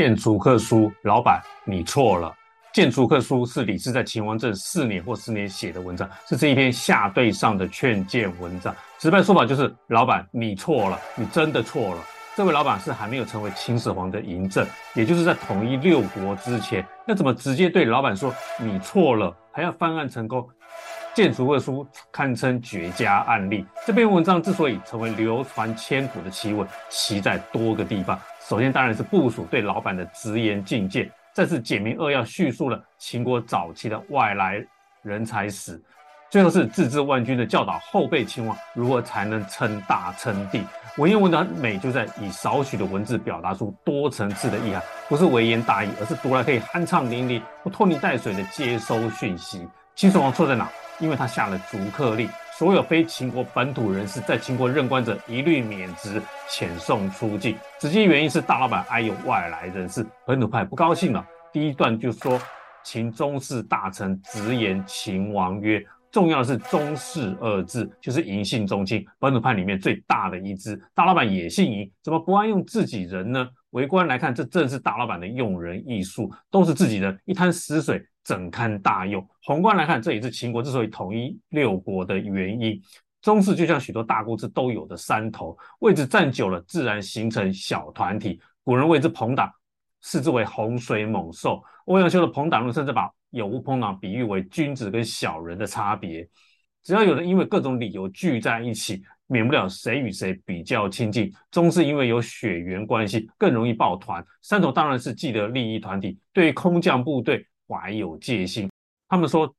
諫逐客書》，老板，你錯了，《諫逐客書》是李斯在秦王政四年或十年寫的文章，這是這一篇下對上的勸諫文章。直白說法就是，老板，你錯了，你真的錯了。這位老板是還沒有成為秦始皇的嬴政，也就是在統一六國之前，那怎麼直接對老板說你錯了，還要翻案成功？《諫逐客書》堪稱絕佳案例。這篇文章之所以成為流傳千古的奇文，奇在多個地方。首先當然是部屬對老闆的直言進諫，再次簡明扼要敘述了秦國早期的外來人才史，最後是字字萬鈞的教導後輩秦王如何才能稱大稱帝。文言文的美就在以少許的文字表達出多層次的意涵，不是微言大義，而是讀來可以酣暢淋漓、不拖泥帶水的接收訊息。秦始皇錯在哪？因為他下了逐客令。所有非秦國本土人士，在秦國任官者，一律免職，遣送出境。直接原因是大老板愛用外來人士，本土派不高興了。第一段就說，秦宗室大臣直言秦王曰，重要的是宗室二字，就是嬴姓宗親，本土派裡面最大的一支。大老板也姓嬴，怎麼不愛用自己人呢？微觀來看，這正是大老板的用人藝術，都是自己人，一攤死水怎堪大用。宏觀來看，這也是秦國之所以統一六國的原因。宗室就像許多大公司都有的山頭，位置站久了，自然形成小團體。古人謂之朋黨，視之為洪水猛獸。歐陽修的《朋黨論》甚至把有無朋黨比喻為君子跟小人的差別。只要有人因為各種理由聚在一起。免不了誰與誰比較親近，總是因為有血緣關係更容易抱團。三族當然是既得利益團體，對於空降部隊懷有戒心。他們說，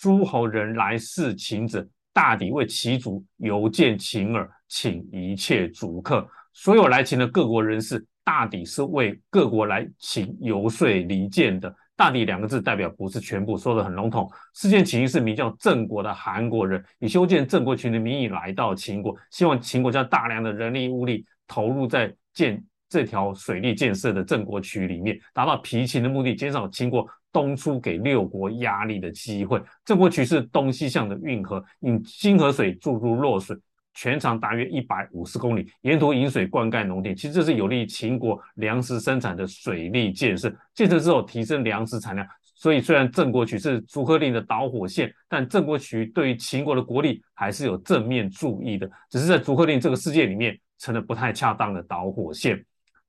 諸侯人來事秦者，大抵為其主游間秦耳，請一切逐客。所有來秦的各國人士，大抵是為各國來秦游說離間的。大抵兩個字代表不是全部，說的很籠統。事件起因是名叫鄭國的韓國人以修建鄭國渠的名義來到秦國，希望秦國將大量的人力物力投入在建這條水利建設的鄭國渠裡面，達到疲秦的目的，減少秦國東出給六國壓力的機會。鄭國渠是東西向的運河，引涇河水注入洛水。全長大約一百五十公里，沿途引水灌溉農田，其實這是有利於秦國糧食生產的水利建設。建設之後，提升糧食產量。所以，雖然鄭國渠是逐客令的導火線，但鄭國渠對於秦國的國力還是有正面注意的，只是在逐客令這個世界裡面成了不太恰當的導火線。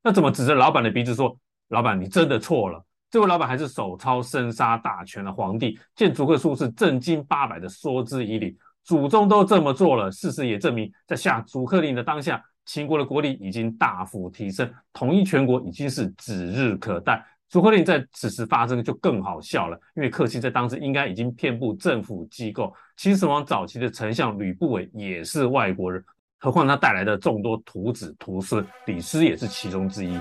那怎麼指着老闆的鼻子說：“老闆，你真的錯了？”這位老闆還是手操生殺大權的皇帝，諫逐客書是正經八百的說之以理。祖宗都這麼做了，事實也證明，在下逐客令的當下，秦國的國力已經大幅提升，統一全國已經是指日可待。逐客令在此時發生就更好笑了，因為客卿在當時應該已經遍布政府機構。秦始皇早期的丞相呂不韋也是外國人，何況他帶來的眾多徒子徒孫，李斯也是其中之一。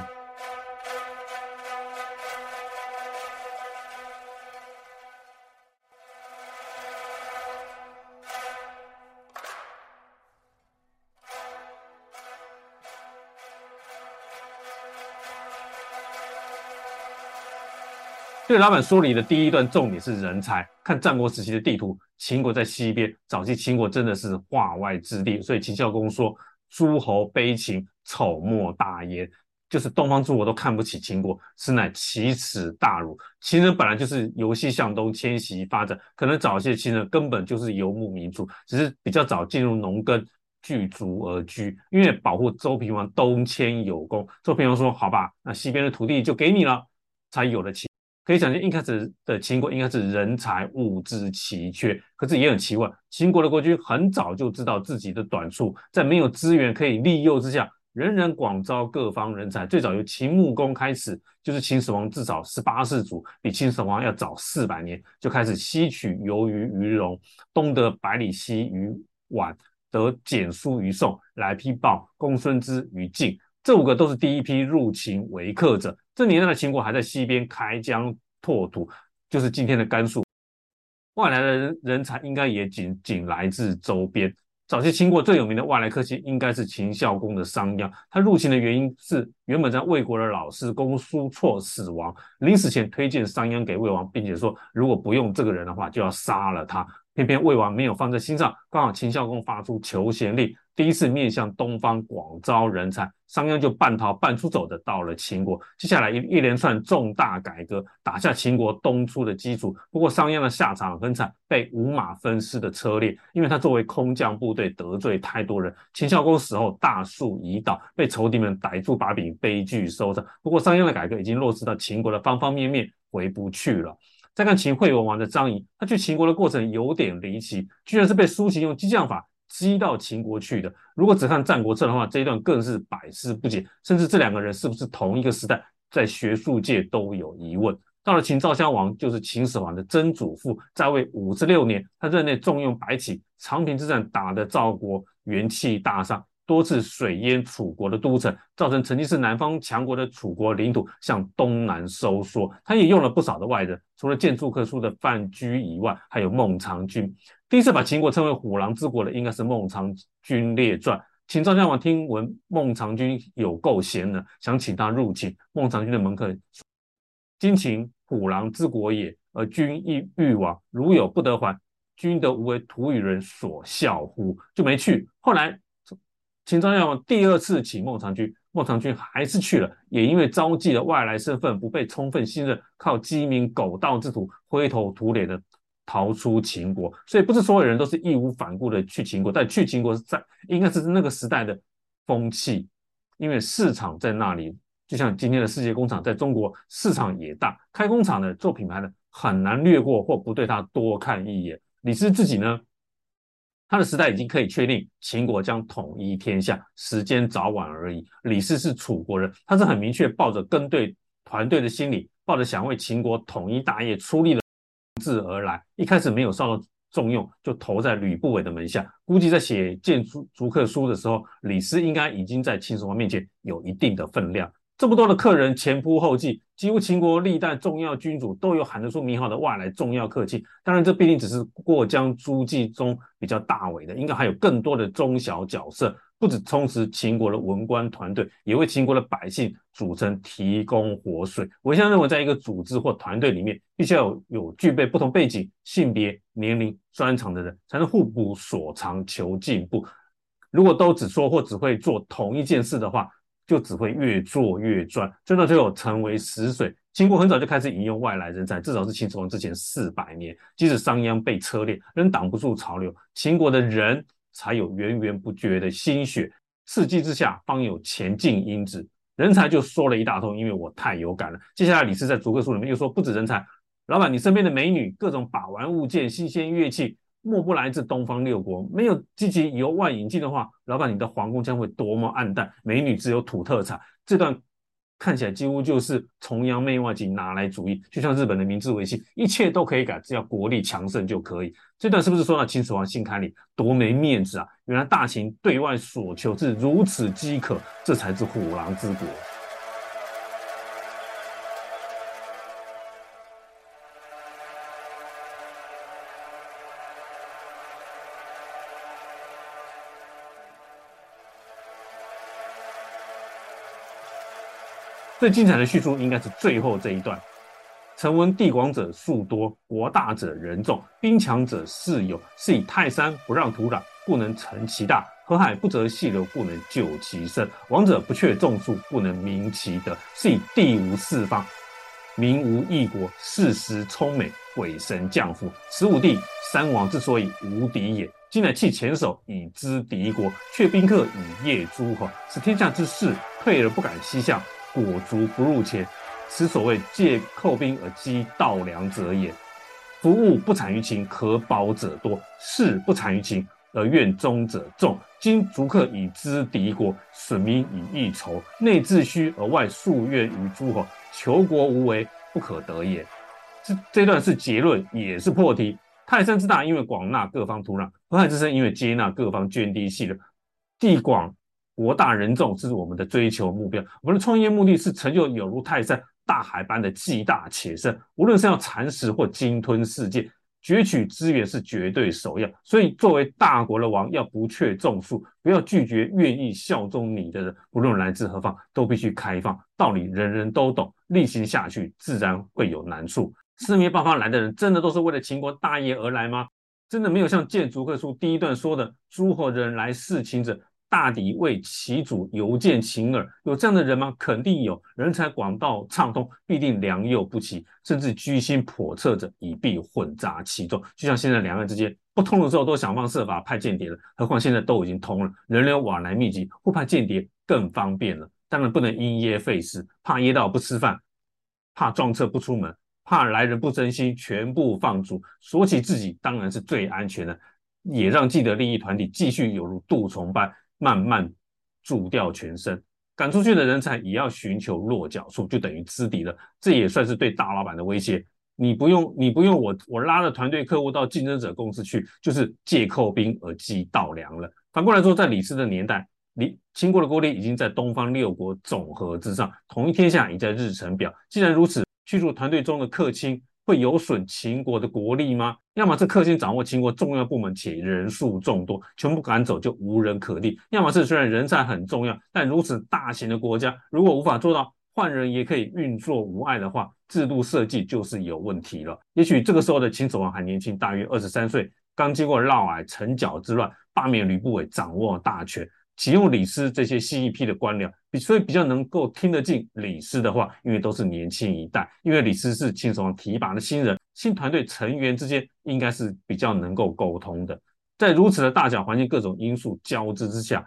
這老闆梳理的第一段重點是人才。看戰國時期的地圖，秦國在西邊。早期秦國真的是化外之地，所以秦孝公說：“諸侯卑秦，醜莫大焉。”就是東方諸國都看不起秦國，實乃奇恥大辱。秦人本來就是由西向東遷徙發展，可能早些秦人根本就是游牧民族，只是比較早進入農耕，聚族而居。因為保護周平王東遷有功，周平王說：“好吧，那西邊的土地就給你了。”才有了秦。可以想象，一開始的秦國應該是人才物資奇缺，可是也很奇怪，秦國的國君很早就知道自己的短處，在沒有資源可以利誘之下，仍然廣招各方人才。最早由秦穆公開始，就是秦始皇至少十八世祖，比秦始皇要早四百年，就開始西取由余於戎，東得百里奚於宛，得蹇叔於宋，來丕豹公孫支於晉，這五個都是第一批入秦為客者。這年代的秦國還在西邊開疆拓土，就是今天的甘肅。外來的人人才應該也僅僅來自周邊。早期秦國最有名的外來客卿應該是秦孝公的商鞅。他入秦的原因是，原本在魏國的老師公叔痤死亡，臨死前推薦商鞅給魏王，並且說如果不用這個人的話，就要殺了他。偏偏魏王沒有放在心上，剛好秦孝公發出求賢令，第一次面向東方廣招人才，商鞅就半逃半出走的到了秦國。接下來一一連串重大改革，打下秦國東出的基礎。不過商鞅的下場很慘，被五馬分屍的車裂，因為他作為空降部隊得罪太多人。秦孝公死後大樹已倒，被仇敵們逮住把柄，悲劇收場。不過商鞅的改革已經落實到秦國的方方面面，回不去了。再看秦惠文王王的張儀，他去秦國的過程有點離奇，居然是被蘇秦用激將法激到秦國去的。如果只看《戰國策》的話，這一段更是百思不解，甚至這兩個人是不是同一個時代，在學術界都有疑問。到了秦昭襄王，就是秦始皇的曾祖父，在位五十六年，他任內重用白起，長平之戰打得趙國元氣大傷。多次水淹楚國的都城，造成曾經是南方強國的楚國領土向東南收縮。他也用了不少的外人，除了諫逐客書的范雎以外，還有孟嘗君。第一次把秦國稱為虎狼之國的，應該是《孟嘗君列傳》。秦昭襄王聽聞孟嘗君有夠賢能，想請他入秦。孟嘗君的門客說，今秦虎狼之國也，而君亦欲往，如有不得還，君得無為土禺人所笑乎？就沒去。後來。秦昭襄王第二次請孟嘗君，孟嘗君還是去了，也因為召集的外來身份不被充分信任，靠雞鳴狗盜之徒灰頭土臉的逃出秦國。所以不是所有人都是義無反顧的去秦國，但去秦國是在應該是那個時代的風氣，因為市場在那裡，就像今天的世界工廠在中國市場也大，開工廠的做品牌的很難略過或不對他多看一眼。李斯自己呢？他的時代已經可以確定，秦國將統一天下，時間早晚而已。李斯是楚國人，他是很明確抱着跟對團隊的心理，抱着想為秦國統一大業出力的志而來。一開始沒有受到重用，就投在呂不韋的門下。估計在寫諫書逐客書的時候，李斯應該已經在秦始皇面前有一定的分量。這麼多的客人前仆後繼，幾乎秦國歷代重要君主都有喊得出名號的外來重要客卿。當然，這畢竟只是過江之鯽中比較大尾的，應該還有更多的中小角色。不止充實秦國的文官團隊，也為秦國的百姓組成提供活水。我現在認為，在一個組織或團隊裡面，必須要有，有具備不同背景、性別、年齡、專長的人，才能互補所長，求進步。如果都只說或只會做同一件事的話，就只會越做越賺，賺到最後成為死水。秦國很早就開始引用外來人才，至少是秦始皇之前四百年。即使商鞅被車裂，仍擋不住潮流。秦國的人才有源源不絕的新血，刺激之下方有前進因子。人才就說了一大通，因為我太有感了。接下來李斯在逐客書裡面又說，不止人才，老板你身邊的美女、各種把玩物件、新鮮樂器。莫不來自東方六國，沒有積極由外引進的話，老闆你的皇宮將會多麼暗淡，美女只有土特產。這段看起來幾乎就是崇洋媚外及拿來主義，就像日本的明治維新，一切都可以改，只要國力強盛就可以。這段是不是說到秦始皇心坎裡，多沒面子啊？原來大秦對外所求是如此飢渴，這才是虎狼之國。最精彩的敘述應該是最後這一段：“臣聞地廣者粟多，國大者人眾，兵強者士勇。是以泰山不讓土壤，不能成其大；河海不擇細流，不能就其深。王者不卻眾庶，不能明其德。是以地無四方，民無異國，四時充美，鬼神降福。此五帝三王之所以無敵也。今乃棄黔首以資敵國，卻賓客以業諸侯，使天下之士退而不敢西向。”裹足不入秦，此所謂借寇兵而擊盜糧者也。夫物不產於秦，可保者多；士不產於秦，而願忠者眾。今逐客以資敵國，損民以益仇，內自虛而外樹怨於諸侯，求國無為不可得也。這這段是結論，也是破題。泰山之大，因為廣納各方土壤；河海之深，因為接納各方涓滴細流；地廣。國大人眾是我們的追求目標。我們的創業目的是成就有如泰山、大海般的既大且深。無論是要蠶食或鯨吞世界，攫取資源是絕對首要。所以，作為大國的王，要不卻眾庶，不要拒絕願意效忠你的人。不論來自何方，都必須開放。道理人人都懂，力行下去自然會有難處。四面八方來的人，真的都是為了秦國大業而來嗎？真的沒有像《諫逐客書》第一段說的“諸侯人來事秦者”。大抵為其主游間於秦耳，有這樣的人嗎？肯定有，人才管道暢通，必定良莠不齊，甚至居心叵測者，亦必混雜其中。就像現在兩岸之間不通了之後，都想方設法派間諜了，何況現在都已經通了，人流往來密集，互派間諜更方便了。當然不能因噎廢食，怕噎到不吃飯，怕撞車不出門，怕來人不珍惜，全部放逐。鎖起自己當然是最安全的，也讓既得利益團體繼續有如蠹蟲般。慢慢煮掉全身，趕出去的人才也要尋求落腳處，就等於資敵了，這也算是對大老板的威脅。你不用，你不用我，我拉了團隊客戶到競爭者公司去，就是借寇兵而齎盜糧了。反過來說，在李斯的年代，李秦國的國力已經在東方六國總和之上，統一天下已在日程表。既然如此，去除團隊中的客卿，會有損秦國的國力嗎？要麼是客卿掌握秦國重要部門且人數眾多，全部趕走就無人可立；要麼是雖然人才很重要，但如此大型的國家如果無法做到換人也可以運作無礙的話，制度設計就是有問題了。也許這個時候的秦始皇還年輕，大約二十三歲，剛經過嫪毐、成蟜之亂，罷免呂不韋，掌握大權。啟用李斯這些新一批的官僚，比所以比較能夠聽得進李斯的話，因為都是年輕一代。因為李斯是秦始皇提拔的新人，新團隊成員之間應該是比較能夠溝通的。在如此的大小環境、各種因素交織之下，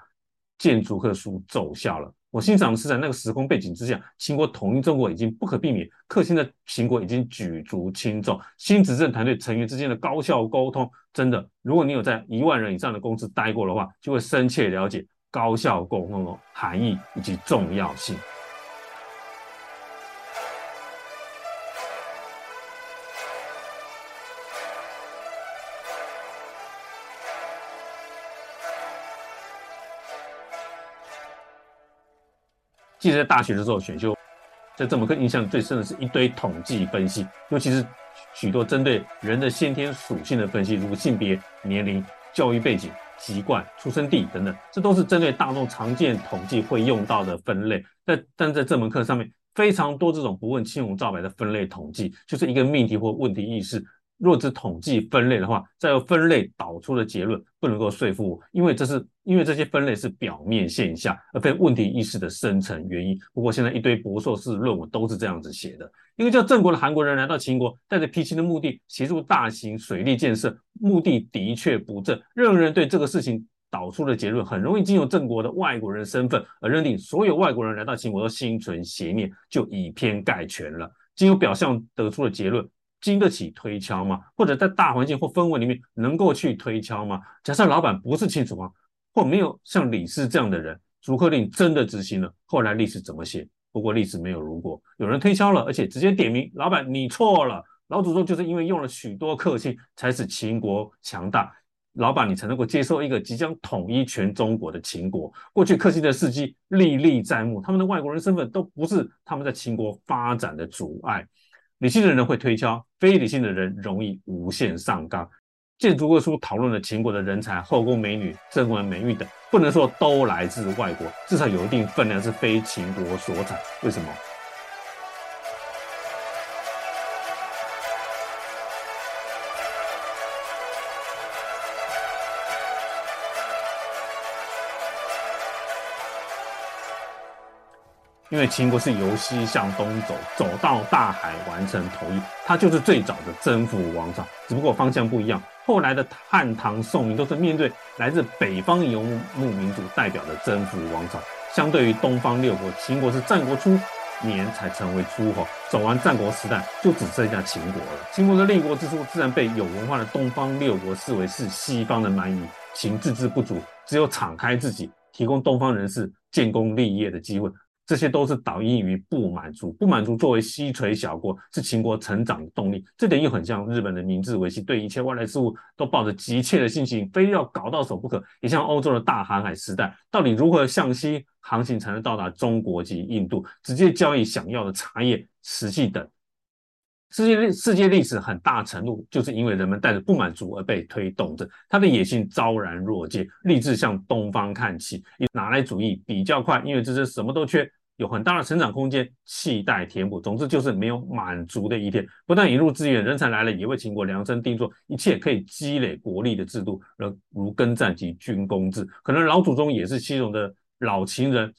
諫逐客書奏效了。我欣賞的是在那個時空背景之下，秦國統一中國已經不可避免，客卿在秦國已經舉足輕重。新執政團隊成員之間的高效溝通，真的，如果你有在一萬人以上的公司待過的話，就會深切了解。高效溝通的含義以及重要性。記得在大學的時候選修，在這門課，印象最深的是一堆統計分析，尤其是許多針對人的先天屬性的分析，如性別、年齡、教育背景、籍貫、出生地等等，這都是針對大眾常見統計會用到的分類。但但在這門課上面，非常多這種不問青紅皂白的分類統計，就是一個命題或問題意識。若只統計分類的話，再由分類導出的結論不能夠說服我，因為這是因為這些分類是表面現象，而非問題意識的深層原因。不過現在一堆博碩士論文都是這樣子寫的：一個叫鄭國的韓國人來到秦國，帶着疲秦的目的，協助大型水利建設，目的的確不正。任何人對這個事情導出的結論，很容易經由鄭國的外國人身份而認定所有外國人來到秦國都心存邪念，就以偏概全了，經由表象得出的結論經得起推敲嗎？或者在大環境或氛圍裡面能夠去推敲嗎？假設老板不是秦始皇，或沒有像李斯這樣的人，逐客令真的執行了，後來歷史怎麼寫？不過歷史沒有如果。有人推敲了，而且直接點名老板你錯了，老祖宗就是因為用了許多客卿，才使秦國強大，老板你才能夠接受一個即將統一全中國的秦國。過去客卿的事跡歷歷在目，他們的外國人身份都不是他們在秦國發展的阻礙。理性的人會推敲，非理性的人容易無限上綱。諫逐客書討論了秦國的人才、後宮美女、貞文美譽等，不能說都來自外國，至少有一定分量是非秦國所產。為什麼？因為秦國是由西向東走，走到大海完成統一，它就是最早的征服王朝。只不過方向不一樣，後來的漢唐宋明都是面對來自北方游牧民族代表的征服王朝。相對於東方六國，秦國是戰國初年才成為諸侯，走完戰國時代就只剩下秦國了。秦國的立國之初，自然被有文化的東方六國視為是西方的蠻夷，行自知不足，只有敞開自己，提供東方人士建功立業的機會。這些都是導因於不滿足，不滿足作為西陲小國是秦國成長的動力，這點又很像日本的明治維新，對一切外來事物都抱着急切的心情，非要搞到手不可。也像歐洲的大航海時代，到底如何向西航行才能到達中國及印度，直接交易想要的茶葉、瓷器等。世界歷，世界歷史很大程度就是因為人們帶着不滿足而被推動着，他的野心昭然若揭，立志向東方看齊。以拿來主義比較快，因為這是什麼都缺，有很大的成長空間，期待填補。總之就是沒有滿足的一天。不但引入資源，人才來了也為秦國量身定做一切可以積累國力的制度，而如耕戰及軍功制。可能老祖宗也是西戎的老秦人，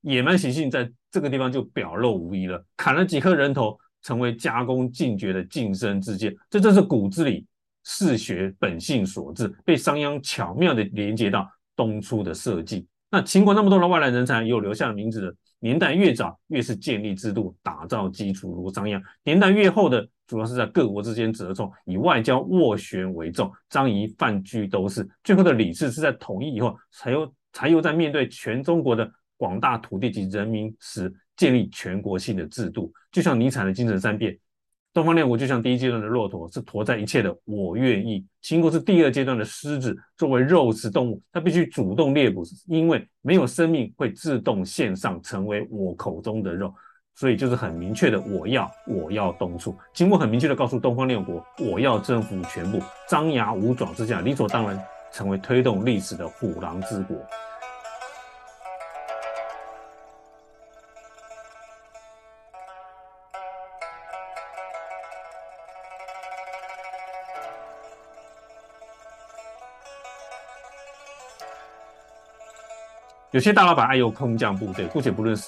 野蠻習性在這個地方就表露無遺了。砍了幾顆人頭，成為加官晉爵的晉升之階，這正是骨子裡嗜血本性所致。被商鞅巧妙地連接到東出的設計。那秦國那麼多的外來人才，有留下名字的，年代越早越是建立制度、打造基礎，如商鞅；年代越後的，主要是在各國之間折衝，以外交斡旋為重，張儀、范雎都是。最後的李斯是在統一以後，才又才又在面對全中國的廣大土地及人民時，建立全國性的制度，就像尼采的“精神三變”。東方列國就像第一階段的駱駝，是馱在一切的我願意。秦國是第二階段的獅子，作為肉食動物，它必須主動獵捕，因為沒有生命會自動獻上成為我口中的肉。所以就是很明確的，我要，我要東出。秦國很明確的告訴東方列國，我要征服全部。張牙舞爪之下，理所當然成為推動歷史的虎狼之國。有些大老板愛用空降部隊，姑且不論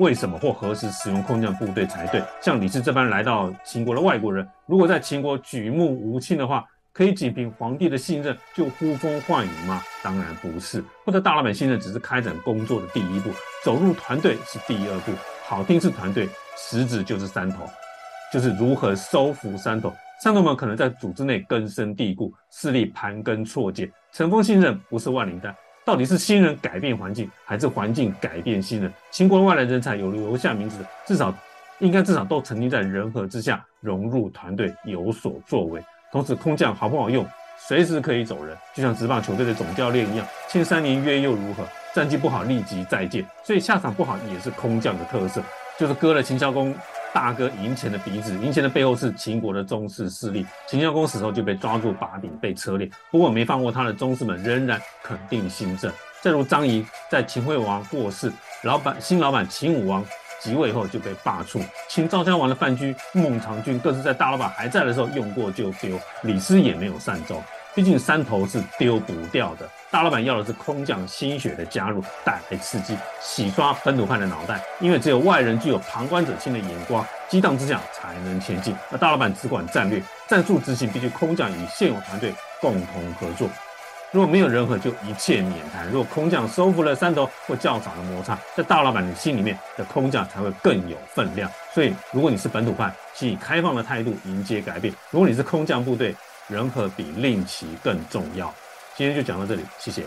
為什麼或何時使用空降部隊才對。像李斯這般來到秦國的外國人，如果在秦國舉目無親的話，可以僅憑皇帝的信任就呼風喚雨嗎？當然不是。獲得大老板信任只是開展工作的第一步，走入團隊是第二步。好聽是團隊，實質就是山頭，就是如何收服山頭。山頭們可能在組織內根深蒂固，勢力盤根錯節，塵封信任不是萬靈丹。到底是新人改變環境，還是環境改變新人？秦國外來人才有留下名字的，至少，應該至少都曾經在人和之下融入團隊，有所作為。同時，空降好不好用？隨時可以走人，就像職棒球隊的總教練一樣，簽三年約又如何？戰績不好立即再見。所以下場不好也是空降的特色，就是割了秦孝公。大哥嬴虔的鼻子，嬴虔的背後是秦國的宗室勢力。秦孝公死後就被抓住把柄，被車裂。不過沒放過他的宗室們，仍然肯定新政。正如張儀，在秦惠王過世，老板新老板秦武王即位後就被罷黜。秦昭襄王的范雎，孟嘗君，更是在大老板還在的時候用過就丟。李斯也沒有善終。畢竟山頭是丟不掉的，大老板要的是空降新血的加入帶來刺激，洗刷本土派的腦袋。因為只有外人具有旁觀者清的眼光，激盪之下才能前進。而大老板只管戰略，戰術執行，必須空降與現有團隊共同合作。如果沒有人和，就一切免談。如果空降收服了山頭或較少的摩擦，在大老板的心裡面的空降才會更有分量。所以，如果你是本土派，請以，以開放的態度迎接改變；如果你是空降部隊，人和比令旗更重要。今天就講到這裡，謝謝。